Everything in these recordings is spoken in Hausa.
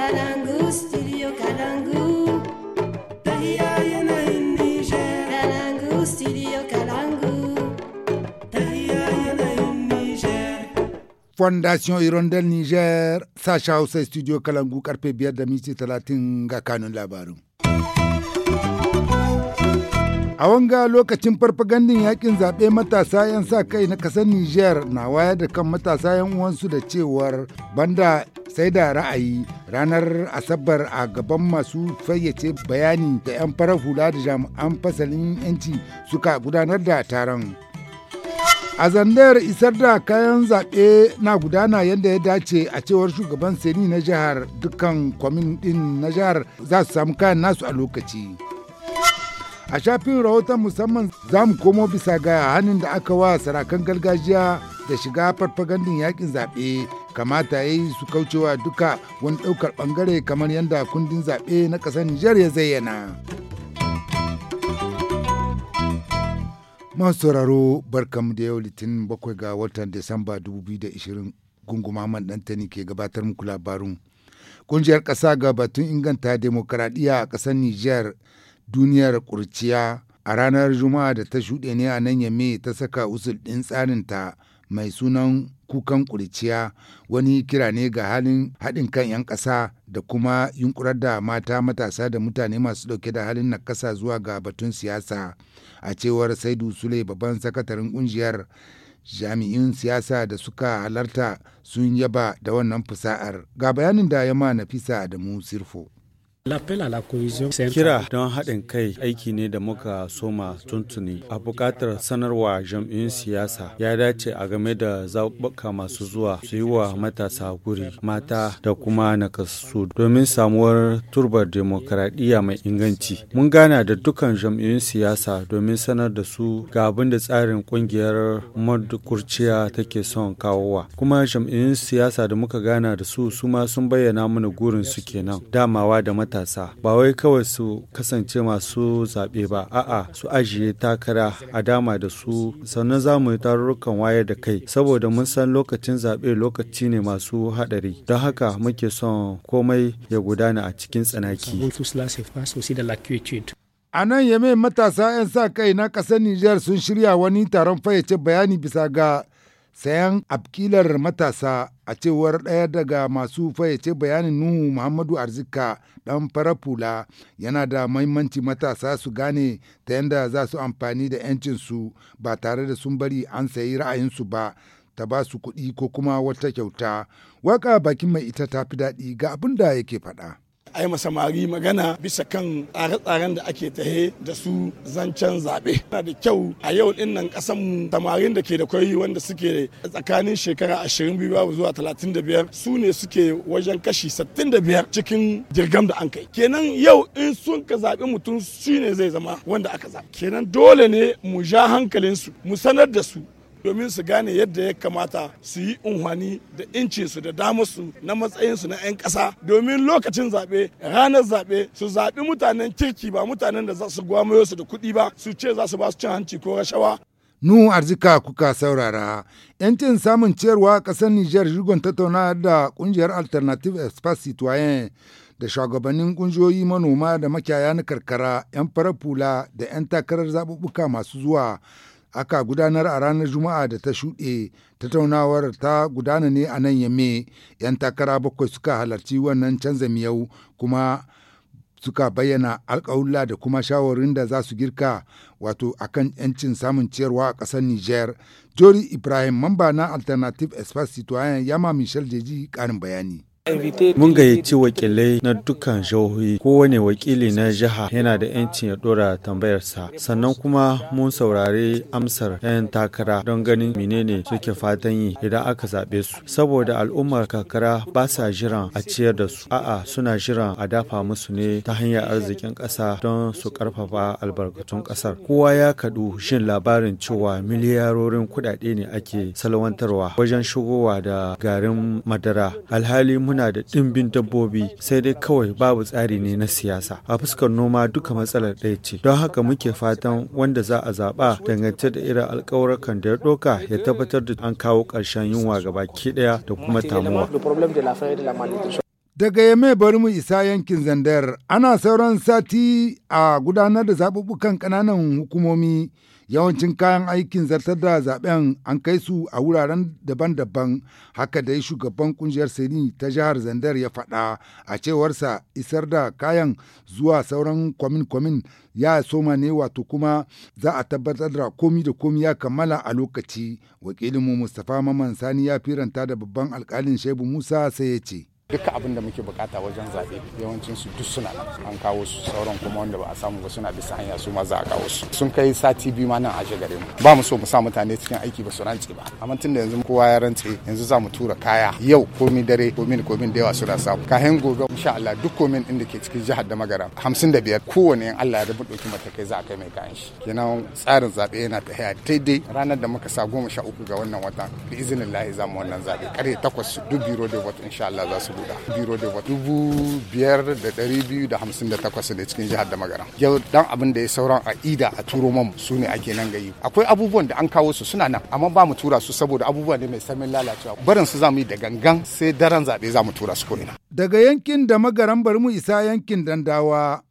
Kalangu, studio Kalangu. Fondation Hirondelle Niger, sacha Hausa Studio Kalangu karfe biyar da minti talatin ga kanun labarin. a wanga lokacin farfagandin yakin zaɓe matasa 'yan sa kai na ƙasar Nijar na wayar da kan matasa 'yan uwansu da cewar banda sai da ra'ayi ranar asabar a gaban masu fayyace bayani da 'yan farar hula da jami'an fasalin 'yanci suka gudanar da taron a zandar isar da kayan zaɓe na gudana yadda ya dace a cewar shugaban seni na jihar dukkan kwamin din na jihar za su samu kayan nasu a lokaci a shafin rahoton musamman za mu komo bisa ga hannun da aka wa sarakan gargajiya da shiga farfagandun yakin zaɓe kamata ya yi su kaucewa duka wani ɗaukar ɓangare kamar yadda kundin zaɓe na ƙasar Nijar ya zayyana. Masu sauraro barkamu da yau litinin bakwai ga watan Disamba 2020 gunguma man ɗantani ke gabatar muku labarun. Kungiyar ƙasa ga batun inganta demokaradiyya a ƙasar Nijar duniyar ƙurciya a ranar Juma'a da ta shuɗe ne a nan Yame ta saka usul ɗin tsarinta mai sunan kukan kuriciya wani kira ne ga halin haɗin kan 'yan ƙasa da kuma yunkurar da mata matasa da mutane masu ɗauke da halin na ƙasa zuwa ga batun siyasa a cewar saidu sule babban sakataren ƙungiyar jami'in siyasa da suka halarta sun yaba da wannan fusa'ar ga bayanin da ya ma nafisa mu sirfo Kira don haɗin kai aiki ne da muka soma tuntuni a buƙatar sanarwa jam'iyyun siyasa ya dace a game da zaɓuɓɓuka masu zuwa su yi wa matasa guri mata da kuma nakasu domin samuwar turbar demokradiyya mai inganci. Mun gana da dukkan jam'iyyun siyasa domin sanar da su ga abin da tsarin ƙungiyar madukurciya take son kawowa. Kuma jam'iyyun siyasa da muka gana da su su ma sun bayyana mana gurin su kenan damawa da mata matasa ba wai kawai su kasance masu zaɓe ba a'a su ajiye takara a dama da su sannan za mu yi tarurrukan wayar da kai saboda mun san lokacin zaɓe lokaci ne masu haɗari don haka muke son komai ya gudana a cikin tsanaki. A nan Yemen matasa 'yan sa kai na ƙasar Nijar sun shirya wani taron fayyace bayani bisa ga sayan abkilar matasa a cewar ɗaya daga masu fayyace bayanin nuhu muhammadu arzika ɗan farafula yana da mahimmanci matasa su gane ta yadda za su amfani da 'yancinsu ba tare da sun bari an sayi ra'ayinsu ba ta ba su kuɗi ko kuma wata kyauta waka bakin mai ita ta fi daɗi ga abin da yake faɗa. a yi samari magana bisa kan tsare-tsaren da ake tahe da su zancen zaɓe. Yana da kyau a yau ɗin nan ƙasanmu samarin da ke da kwayoyi wanda suke tsakanin shekara 22 zuwa 35 su ne suke wajen kashi 65 cikin jirgam da an kai. Kenan yau in sun ka zaɓi mutum shi ne zai zama wanda aka zaɓi. Kenan dole ne mu ja hankalinsu mu sanar da su domin su gane yadda ya kamata su yi unhwani da incinsu da damarsu na matsayinsu na 'yan ƙasa domin lokacin zaɓe ranar zaɓe su zaɓi mutanen kirki ba mutanen da za su gwamayo su da kuɗi ba su ce za su ba su cin hanci ko rashawa nu arzika kuka saurara yancin samun ciyarwa ƙasar niger jirgon tattauna da ƙungiyar alternative espace citoyen da shugabannin ƙungiyoyi manoma da makiyaya na karkara 'yan farar fula da 'yan takarar zaɓuɓɓuka masu zuwa aka gudanar a ranar Juma'a da ta shuɗe tattaunawar ta gudana ne a nan Yamme 'yan takara bakwai suka halarci wannan canza miyau kuma suka bayyana alƙawulla da kuma shawarin da za su girka wato akan 'yancin samun ciyarwa a ƙasar Niger. Jori Ibrahim mamba na Alternative Espace ya Yama Michel Jeji ƙarin bayani. Mun gayyaci wakilai na dukkan jihohi kowane wakili na jiha yana da 'yancin ya dora tambayarsa sannan kuma mun saurari amsar 'yan takara don ganin menene suke fatan yi idan aka zaɓe su saboda al'ummar kakara ba sa jiran a ciyar da su a'a suna jiran a dafa musu ne ta hanyar arzikin ƙasa don su ƙarfafa albarkatun ƙasar kowa ya kaɗu shin labarin cewa miliyarorin kuɗaɗe ne ake salwantarwa wajen shigowa da garin madara alhali muna da ɗimbin dabbobi sai dai kawai babu tsari ne na siyasa a fuskar noma duka matsalar ɗaya ce don haka muke fatan wanda za a zaɓa dangance da irin alƙawarkan da ya ɗauka ya tabbatar da an kawo ƙarshen yunwa ga baki ɗaya da kuma tamuwa. Daga yame bari mu isa yankin Zandar, ana sauran sati a gudanar da zaɓuɓɓukan ƙananan hukumomi Yawancin kayan aikin zartar da zaben an kai su a wuraren daban-daban haka dai shugaban kungiyar Seni ta jihar Zandar ya faɗa a cewarsa isar da kayan zuwa sauran kwamin-kwamin ya soma ne wato kuma za a tabbatar da komi da komi ya kammala a lokaci wakilinmu Mustapha Maman Sani ya firanta da babban alkalin shaibu Musa sai ya ce. duka abin da muke bukata wajen zaɓe yawancin su duk suna an kawo su sauran kuma wanda ba a samu ba suna bisa hanya su ma za a kawo su sun kai sati biyu ma nan ashe gare mu ba mu so mu sa mutane cikin aiki ba su rantse ba amma tun da yanzu kowa ya rantse yanzu za mu tura kaya yau komi dare komin komin da yawa suna samu kahin gobe insha Allah duk komin inda ke cikin jihar da magara hamsin da biyar kowane yan Allah ya rabu ɗauki matakai za a kai mai kayan shi kenan tsarin zaɓe yana tafiya daidai ranar da muka sa goma sha uku ga wannan watan bi izinin lahi za mu wannan zaɓe ƙarfe takwas duk biro da wata insha Allah za su guda biro da wa dubu biyar da ɗari biyu da hamsin da takwas ne cikin jihar da magara yau dan abin da ya sauran a ida a turo man su ne ake nan gayi akwai abubuwan da an kawo su suna nan amma ba mu tura su saboda abubuwa ne mai samin lalacewa barin su mu yi da gangan sai daren zaɓe za mu tura su ko ina daga yankin da magaran bari mu isa yankin dandawa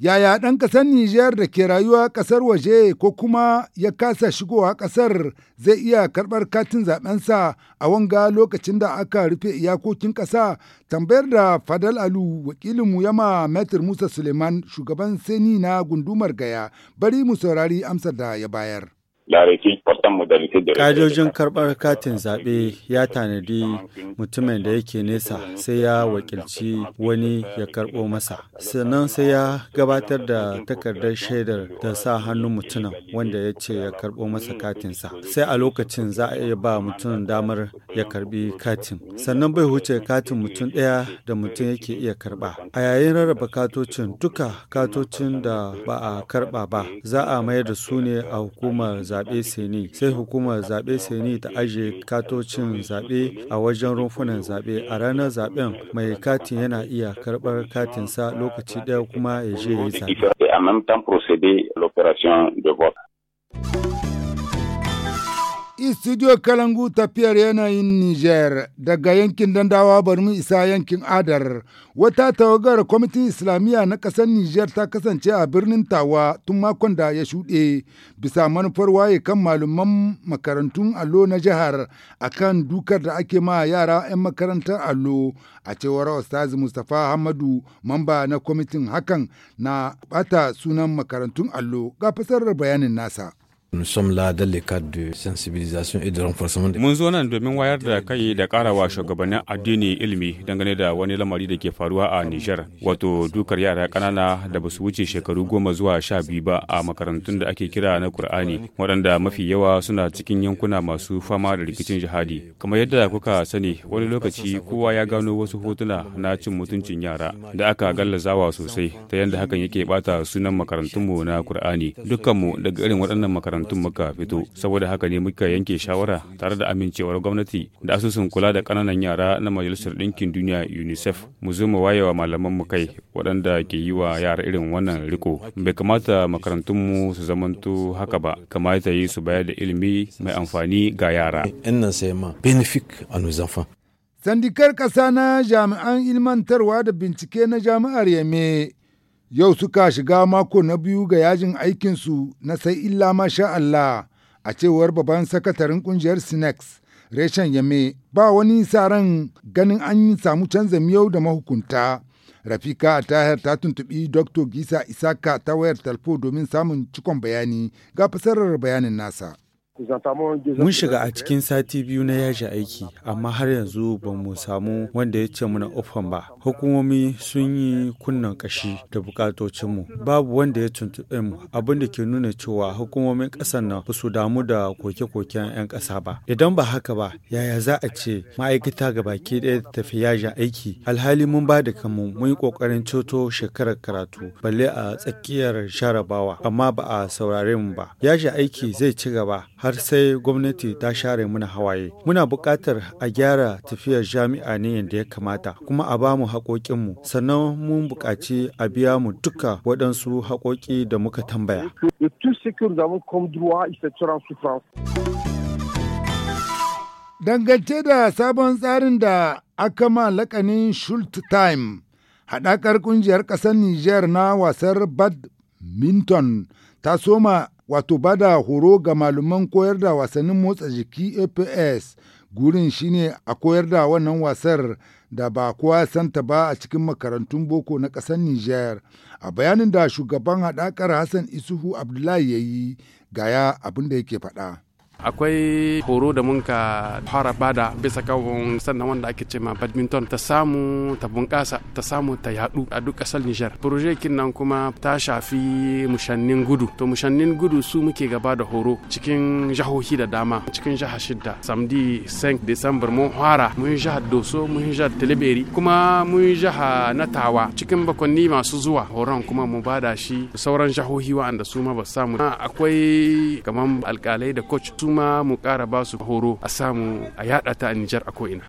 Yaya ɗan ƙasar Nijar da ke rayuwa ƙasar waje ko kuma ya kasa shigowa ƙasar zai iya karɓar katin zaɓensa a wanga lokacin da aka rufe iyakokin ƙasa tambayar da Fadal Alu wakilinmu yama Metir Musa Suleiman shugaban Seni na gundumar Gaya bari mu saurari amsar da ya bayar. Kajojin karɓar katin zaɓe ya tanadi mutumin da yake nesa sai ya wakilci wani ya karɓo masa. Sannan sai ya gabatar da takardar shaidar da sa hannun mutumin wanda ya ce ya karɓo masa katinsa. Sai a lokacin za a iya ba mutumin damar ya karɓi katin. Sannan bai wuce katin mutum ɗaya da mutum yake iya karɓa. A yayin rarraba katocin duka katocin da ba a karɓa ba za a mayar da su ne a hukumar zaɓe. zaɓe seni sai hukumar zaɓe seni ta ajiye katocin zaɓe a wajen rumfunan zaɓe a ranar zaɓen mai katin yana iya karɓar katinsa lokaci ɗaya kuma ya je ya yi zaɓe. Studio Kalangu tafiyar yanayin nijar daga yankin Dandawa bari mu isa yankin Adar. Wata tawagar kwamitin Islamiyya na ƙasar nijar ta kasance a birnin Tawa tun makon da ya shuɗe bisa manufar waye kan malaman makarantun allo na jihar akan dukar da ake ma yara 'yan makarantar allo a cewar Ustaz Mustapha Hamadu mamba na kwamitin hakan na bata sunan makarantun allo ga fasarar bayanin nasa. Nous sommes là dans le cadre de sensibilisation et de renforcement. Mun zo nan domin wayar da kai da karawa shugabannin addini ilimi dangane da wani lamari da ke faruwa a Nijar, wato dukar yara kanana da basu wuce shekaru goma zuwa sha biyu ba a makarantun da ake kira na Kur'ani, waɗanda mafi yawa suna cikin yankuna masu fama da rikicin jihadi. Kamar yadda kuka sani, wani lokaci kowa ya gano wasu hotuna na cin mutuncin yara da aka gallazawa sosai, ta yadda hakan yake bata sunan makarantunmu na Kur'ani. Dukkanmu daga irin waɗannan makarantu makarantun muka fito saboda haka ne muka yanke shawara tare da amincewar gwamnati da asusun kula da kananan yara na majalisar ɗinkin duniya unicef mu zo mu wayewa malaman mu kai waɗanda ke yi wa yara irin wannan riko bai kamata makarantunmu su zamanto haka ba kamata yi su bayar da ilimi mai amfani ga yara Sandikar ƙasa na jami'an ilmantarwa da bincike na jami'ar Yame Yau suka shiga mako na biyu ga yajin aikinsu na sai illa masha Allah a cewar babban sakatarin kungiyar Sinex reshen Yame ba wani saran ganin an samu canza miyau da mahukunta. Rafika a Tahir ta tuntubi Dr. Gisa Isaka ta wayar talfo domin samun cikon bayani ga fasarar bayanin nasa. Mun shiga a cikin sati biyu na yaji aiki, amma har yanzu ba mu samu wanda ya ce muna ofan ba. Hukumomi sun yi kunnan kashi da bukatocinmu. Babu wanda ya tuntuɓe mu, abin da ke nuna cewa hukumomin ƙasar nan ba su damu da koke-koken 'yan ƙasa ba. Idan ba haka ba, yaya za a ce ma'aikata ga baki ɗaya ta tafi yaji aiki? Alhali mun ba da kanmu mun yi ƙoƙarin ceto shekarar karatu, balle a tsakiyar sharabawa, amma ba a saurare mu ba. Yaji aiki zai ci gaba har har sai gwamnati ta share muna hawaye. Muna buƙatar a gyara tafiyar jami'a ne yadda ya kamata, kuma a bamu mu Sannan mun buƙaci a biya mu duka waɗansu haƙoƙi da muka tambaya. Dangance da sabon tsarin da aka ma lakanin shult Time, haɗakar ƙungiyar ƙasar niger na wasar Badminton ta soma wato bada horo ga malaman koyar da wasannin motsa jiki APS gurin shine a koyar da wannan wasar da ba kowa ya santa ba a cikin makarantun boko na ƙasar niger A bayanin da shugaban haɗakar Hassan Isuhu Abdullahi ya yi gaya abin da yake faɗa. akwai horo da mun ka fara bada bisa kawon sannan wanda ake ce ma badminton ta samu ta bunƙasa ta samu ta yadu a duk ƙasar Nijar. kin nan kuma ta shafi mushannin gudu. To mushannin gudu su muke gaba da horo cikin jahohi da dama cikin jaha shidda. Samdi 5 december mun fara mun jaha Doso mun jaha Tilibiri kuma mun jaha Natawa cikin bakonni masu zuwa horon kuma mu bada shi sauran jahohi wa'anda su ma ba samu. Akwai kamar alkalai da coach su su ma mu ƙara ba su horo a samu a yaɗa ta a Nijar a ko'ina.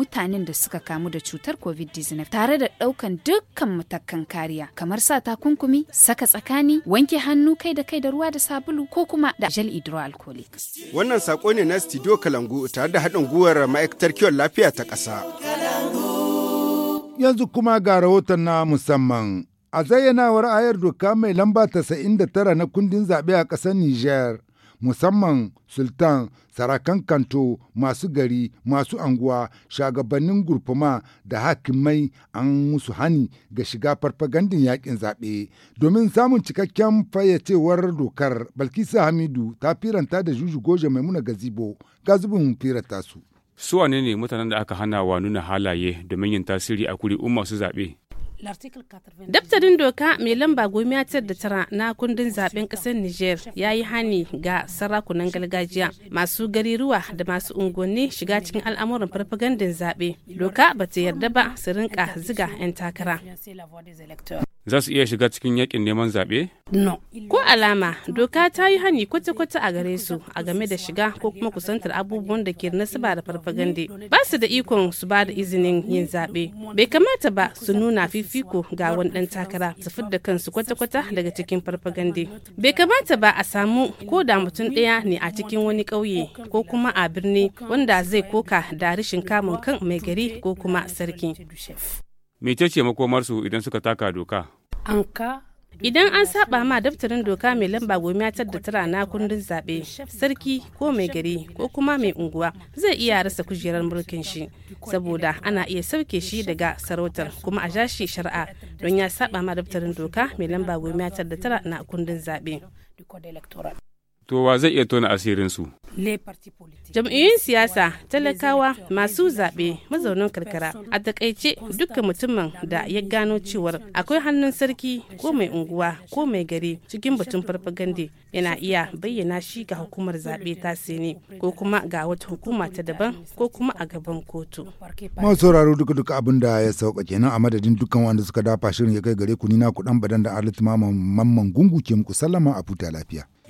mutanen da suka kamu da cutar covid-19 tare da ɗaukan dukkan matakan kariya kamar sa takunkumi saka tsakani wanke hannu kai da kai da ruwa da sabulu ko kuma da gel hydroalcoholic wannan sako ne na studio kalangu tare da haɗin gwiwar ma'aikatar kiwon lafiya ta ƙasa yanzu kuma ga rahoton na musamman a zayyanawar ayar doka mai lamba 99 na kundin zaɓe a ƙasar niger musamman sultan sarakan kanto masu gari masu anguwa shagabannin gurfuma da hakimai an musu hani ga shiga farfagandin yakin zaɓe domin samun cikakken fayyacewar dokar balkisa hamidu ta firanta da juju goje maimuna gazibo gazibin firanta su su ne mutanen da aka hana wa nuna halaye domin yin tasiri a kuri'un masu zaɓe Daftarin doka mai lamba goma da tara na kundin zaben kasar Niger ya yi hani ga sarakunan gargajiya masu gariruwa da masu unguwanni shiga cikin al'amuran farfagandun zaɓe. Doka ba ta yarda ba su rinka ziga 'yan takara. za su iya shiga cikin yakin neman zaɓe? No. Ko alama doka ta yi hani kwata-kwata a gare su a game da shiga ko kuma kusantar abubuwan da ke nasaba da farfagande. Ba su da ikon su ba da izinin yin zaɓe. Bai kamata ba su nuna fifiko ga wani ɗan takara su fidda kansu kwata-kwata daga cikin farfagande. Bai kamata ba a samu ko da mutum ɗaya ne a cikin wani ƙauye ko kuma a birni wanda zai koka da rashin kamun kan mai gari ko kuma sarki. mece ce makomarsu idan suka taka doka Idan an saba ma daftarin doka mai lamba goma tar da tara na kundin zaɓe, sarki ko mai gari ko kuma mai unguwa zai iya rasa kujerar mulkin shi, saboda ana iya sauke shi daga sarautar kuma a shi shari'a don ya saba ma daftarin doka mai lamba goma tar da tara na kundin zaɓe. to wa zai iya tona su. Jam'iyyun siyasa, talakawa, masu zaɓe, mazaunin karkara, a takaice dukkan mutumin da ya gano cewar akwai hannun sarki ko mai unguwa ko mai gari cikin batun farfagande yana iya bayyana shi ga hukumar zaɓe ta ne ko kuma ga wata hukuma ta daban ko kuma a gaban kotu. Masu sauraro duka duka abin da ya sauka kenan a madadin dukkan wanda suka dafa shirin ya kai gare ku nina na kuɗan badan da Arlit Mamman Gungu ke muku sallama a futa lafiya.